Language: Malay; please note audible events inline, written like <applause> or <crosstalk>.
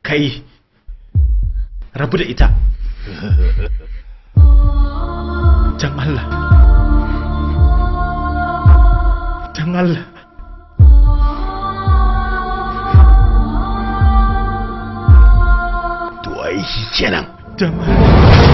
Kai Rabu dah itak <laughs> Janganlah Janganlah <laughs> Tuai Janganlah